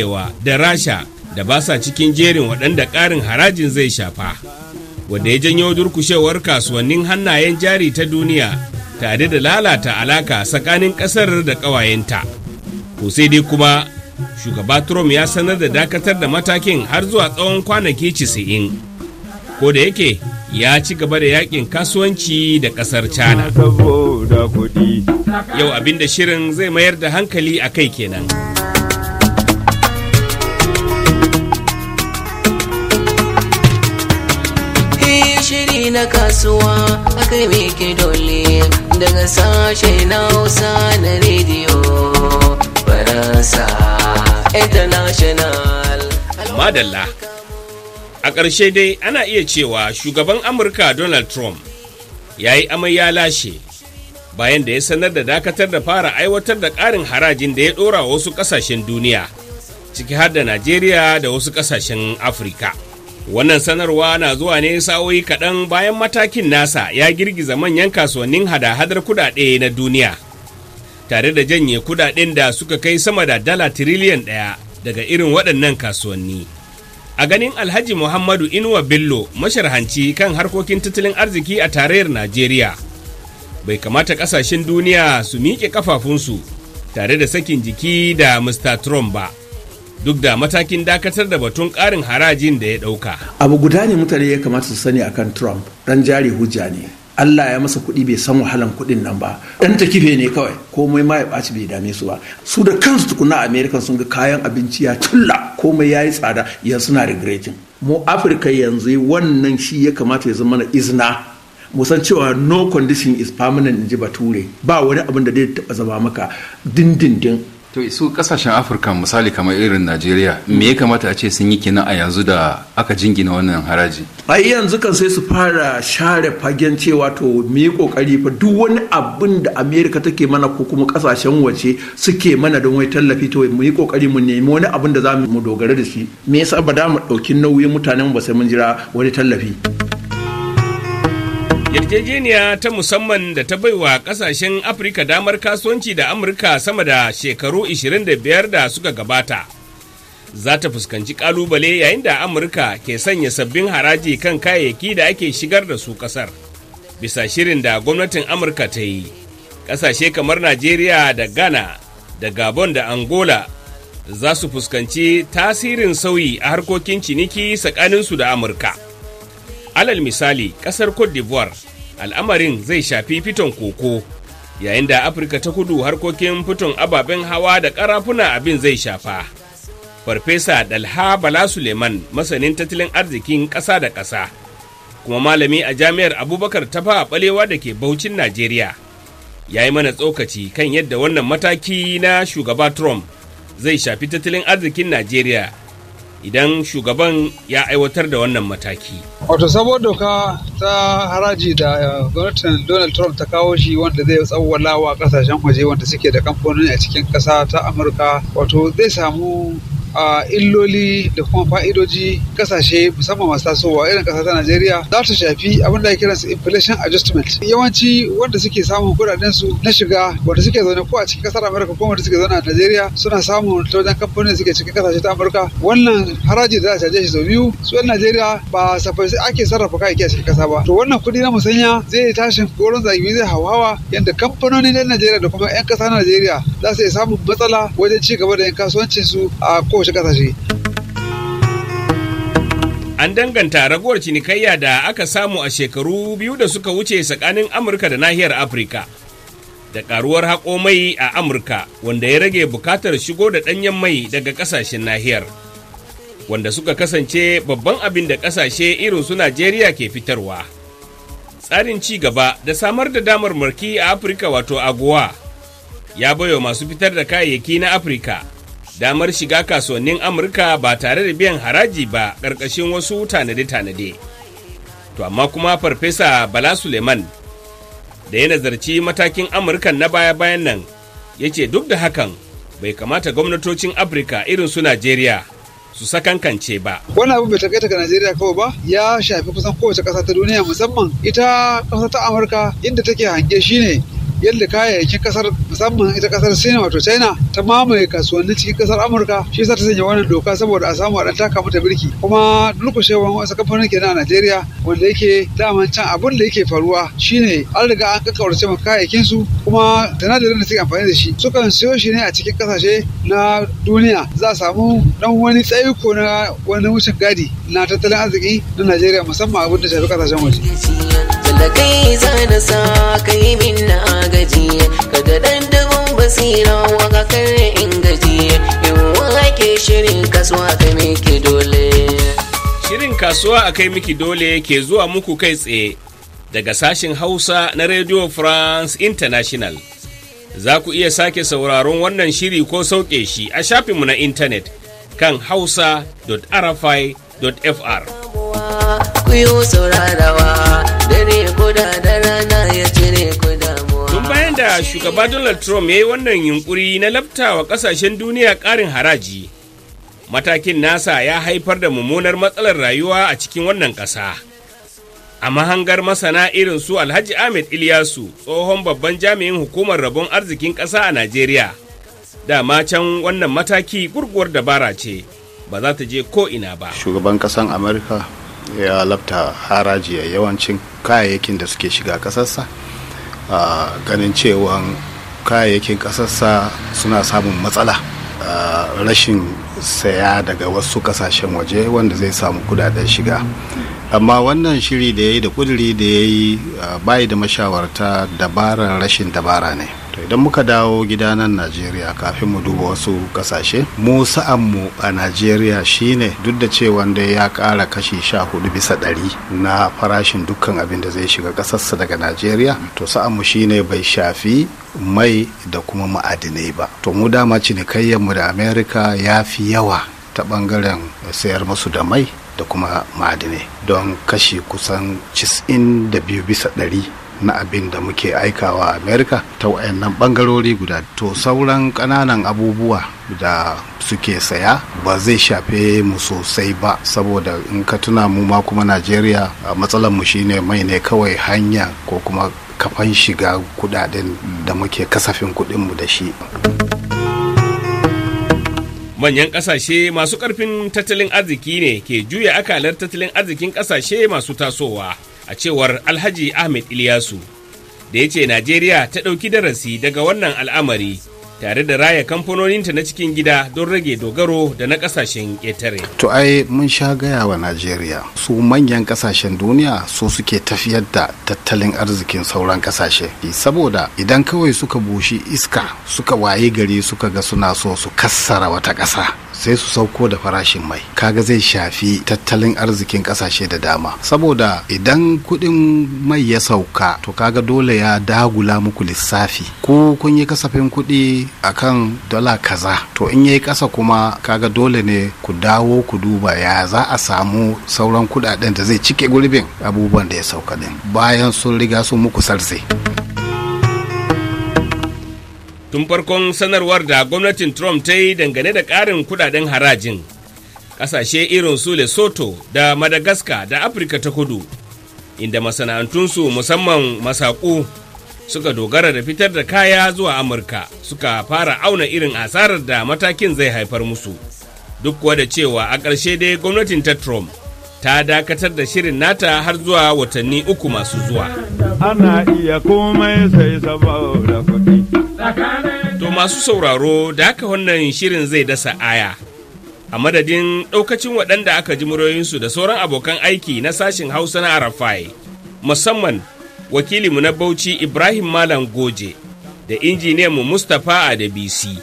cewa da Rasha da ba sa cikin jerin waɗanda ƙarin harajin zai shafa, wanda ya janyo durkushewar kasuwannin hannayen jari ta duniya tare da lalata alaka tsakanin ƙasar da ƙawayenta. Ko sai dai kuma, shugaba Trump ya sanar da dakatar da matakin har zuwa tsawon kwanaki casa'in. Ko da yake ya ci gaba da yakin kasuwanci da ƙasar China. Yau abinda shirin zai mayar da hankali a kai kenan. na kasuwa aka ke dole daga sashe na Hausa na rediyo Faransa International. Madalla. A ƙarshe dai ana iya cewa shugaban Amurka Donald Trump ya yi amai ya lashe bayan da ya sanar da dakatar da fara aiwatar da ƙarin harajin da ya ɗora wasu ƙasashen duniya ciki har da Najeriya da wasu ƙasashen Afirka. Wannan sanarwa na zuwa ne sa'o'i kaɗan bayan matakin nasa ya girgiza manyan kasuwannin hada-hadar kudade na duniya. Tare da janye kudaden da suka kai sama da dala tiriliyan ɗaya daga irin waɗannan kasuwanni. A ganin Alhaji Muhammadu Inuwa Bello masharhanci kan harkokin tattalin arziki a tarayyar Najeriya. Bai kamata ƙasashen duniya su miƙe ƙafafunsu tare da sakin jiki da Mr. Trump ba. duk da matakin dakatar da batun karin harajin da ya dauka. Abu guda ne mutane ya kamata su sani akan Trump ɗan jari hujja ne. Allah ya masa kuɗi bai san wahalan kuɗin nan ba ɗan ta kife ne kawai komai ma ya ɓaci bai dame su ba su da kansu tukuna Amerika sun ga kayan abinci ya tulla komai ya yi tsada ya suna regretin mu Afirka yanzu wannan shi ya kamata ya zama na izina san cewa no condition is permanent in ji bature ba wani abin da zai taɓa zama maka dindindin to su kasashen afirka misali kamar irin najeriya me ya kamata a ce sun yi kina a yanzu da aka jingina wannan haraji a yanzu kan sai su fara share fagen cewa to mu yi kokari fa duk wani abin da america take mana ko kuma kasashen waje suke mana don wai tallafi to mu yi kokari mu nemi wani abin da za mu dogara da shi me yasa ba da mu dauki nauyin mutanen ba sai mun jira wani tallafi Yarjejeniya ta musamman da ta baiwa kasashen Afirka damar kasuwanci da Amurka sama da shekaru 25 da suka gabata. Za ta fuskanci kalubale yayin da Amurka ke sanya sabbin haraji kan kayayyaki da ake shigar da su kasar. Bisa shirin da gwamnatin Amurka ta yi, kasashe kamar Najeriya da Ghana da Gabon da Angola za su fuskanci tasirin sauyi a harkokin ciniki tsakaninsu da Amurka. alal misali ƙasar cote d'ivoire al'amarin zai shafi fiton koko yayin da afirka ta kudu harkokin fiton ababen hawa da ƙarafuna abin zai shafa farfesa dalha bala suleiman masanin tattalin arzikin ƙasa da ƙasa kuma malami a jami'ar abubakar ta fa balewa da ke baucin najeriya ya yi mana tsokaci kan yadda wannan mataki na shugaba trump zai shafi tattalin arzikin najeriya idan shugaban ya aiwatar da wannan mataki. wato sabon doka ta haraji da eh, gwamnatin donald trump ta kawo shi wanda zai tsawwala wa kasashen waje wanda suke da kamfanoni a cikin ƙasa ta amurka wato zai samu a illoli da kuma fa'idoji kasashe musamman masu tasowa irin kasa ta Najeriya za ta shafi abin da kiran su inflation adjustment yawanci wanda suke samun kudaden su na shiga wanda suke zaune ko a cikin kasar Amurka ko wanda suke zaune a Najeriya suna samun ta wajen kamfanin da suke cikin kasashe ta Amurka wannan haraji da za a caje shi sau biyu su yan Najeriya ba safai ake sarrafa kayayyaki a cikin kasa ba to wannan kuɗi na musanya zai tashin goron zagi zai hauhawa yadda kamfanoni na Najeriya da kuma 'yan kasa na Najeriya za su iya samun matsala wajen ci gaba da yin kasuwancin su a ko wasu ƙasashe. An danganta raguwar cinikayya da aka samu a shekaru biyu da suka wuce tsakanin Amurka da nahiyar Afirka. Da ƙaruwar haƙo mai a Amurka wanda ya rage bukatar shigo da ɗanyen mai daga ƙasashen nahiyar. Wanda suka kasance babban abin da ƙasashe irin su Najeriya ke fitarwa. Tsarin ci gaba da samar da damar marki a Afirka wato aguwa ya bayo masu fitar da kayayyaki na Afirka damar shiga kasuwannin Amurka ba tare da biyan haraji ba ƙarƙashin wasu tanade-tanade. To amma kuma Farfesa Bala Suleiman da ya nazarci matakin Amurka na baya-bayan nan ya ce duk da hakan bai kamata gwamnatocin Afirka irin su Najeriya su sakankance ba. Wani abu bai takaita ga Najeriya kawai ba ya shafi kusan kowace ƙasa ta duniya musamman ita ƙasa ta Amurka inda take hange shine yadda kayayyakin kasar musamman ita kasar China wato China ta mamaye kasuwannin cikin kasar Amurka shi yasa ta sanya wannan doka saboda a samu a taka mata birki kuma durkushewan wasu kamfanin kenan a Najeriya wanda yake daman can abin da yake faruwa shine an riga an kakkaurace ma kayayyakin su kuma tana da suke amfani da shi sukan siyo shi ne a cikin kasashe na duniya za a samu dan wani tsaiko na wani wucin gadi na tattalin arziki na Najeriya musamman abin da shafi kasashen waje. da kai na sa kai min na gaji ga dandamon basira wa ga kar in gaji in wake shirin kasuwa ka miki dole shirin kasuwa a kai miki dole ke zuwa muku kai tsaye daga sashin hausa na radio france international za ku iya sake sauraron wannan shiri ko sauke shi a shafinmu na intanet kan hausa.rfi.fr. dare Tun bayan da shugaba Donald Trump ya yi wannan yunkuri na wa kasashen duniya ƙarin haraji. Matakin nasa ya haifar da mummunar matsalar rayuwa a cikin wannan ƙasa. A mahangar masana irin su Alhaji Ahmed Ilyasu, tsohon babban jami'in hukumar rabon arzikin ƙasa a Najeriya. da can wannan mataki gurguwar dabara ce, ba za ta je ko ina ba. Shugaban ƙasan Amurka ya labta haraji a yawancin kayayyakin da suke shiga kasarsa a ganin cewa kayayyakin kasarsa suna samun matsala rashin saya daga wasu kasashen waje wanda zai samu kudaden shiga amma wannan shiri da ya yi da kuduri da ya yi bayi da mashawarta dabarar rashin dabara ne to idan muka dawo gida nan najeriya kafin mu duba wasu kasashe mu sa'anmu a najeriya shine duk da cewa wanda ya kara kashi sha hudu bisa dari. na farashin dukkan abin da zai shiga kasarsa daga najeriya to mu shine bai shafi mai da kuma ma'adinai ba to mu dama mu da amerika ya fi yawa ta bangaren sayar musu da mai da kuma ma'adinai don kashi kusan 92 bisa dari. na abin da muke aikawa a america ta wayannan bangarori guda to sauran kananan abubuwa da suke saya ba zai shafe mu sosai ba saboda in ka tuna mu ma kuma najeriya matsalar mu shine mai ne kawai hanya ko kuma kafan shiga kudaden da muke kasafin mu da shi manyan ƙasashe masu karfin tattalin arziki ne ke juya akalar tattalin arzikin ƙasashe masu tasowa a cewar alhaji ahmed ilyasu da ya ce najeriya ta ɗauki darasi daga wannan al'amari tare da raya kamfanoninta na cikin gida don rage dogaro da na ƙasashen ƙetare. To ai mun sha gaya wa Najeriya su manyan ƙasashen duniya su suke tafiyar da tattalin arzikin sauran ƙasashe, Saboda idan kawai suka bushi iska suka waye gari suka ga suna so su kassara wata ƙasa sai su sauko da farashin mai kaga zai shafi tattalin arzikin kasashe da dama saboda idan kuɗin mai ya sauka to kaga dole ya dagula muku lissafi Ko kun yi kasafin kuɗi akan dala kaza to in yayi ƙasa kuma kaga dole ne ku dawo ku duba ya za a samu sauran kuɗaɗen da zai cike gurbin abubuwan da ya sauka din bayan sun riga sun muku sarsai tun farkon sanarwar da gwamnatin Trump ta yi dangane da ƙarin kudaden harajin. Ƙasashe irin su Lesotho da Madagascar da Afirka ta kudu, inda masana'antunsu musamman masaku suka dogara da fitar da kaya zuwa Amurka suka fara auna irin asarar da matakin zai haifar musu. Duk kuwa da cewa a ƙarshe dai gwamnatin ta Trump ta dakatar da shirin nata har zuwa watanni uku masu zuwa. Ana iya komai sai saboda kuɗi. To masu sauraro da haka wannan shirin zai dasa aya. A madadin ɗaukacin waɗanda aka ji muryoyinsu da sauran abokan aiki na sashin Hausa na Arafai, musamman wakilinmu na Bauchi Ibrahim Malam Goje da injiniyanmu Mustapha Adabisi,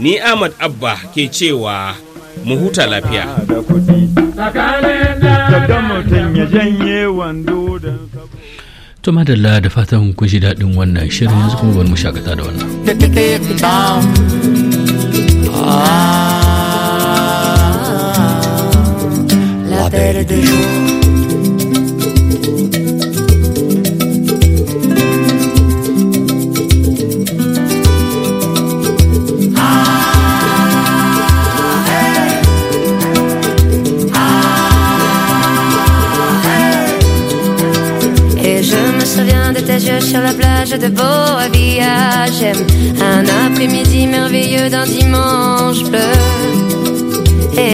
ni Ahmad Abba ke cewa mu huta lafiya. Tsakanin mutum ya janye wando. to madalla da fatan kun ji daɗin wannan shirin yanzu kuma bari mu shakata da wannan ah, La paire de beau à J'aime un après-midi merveilleux d'un dimanche bleu.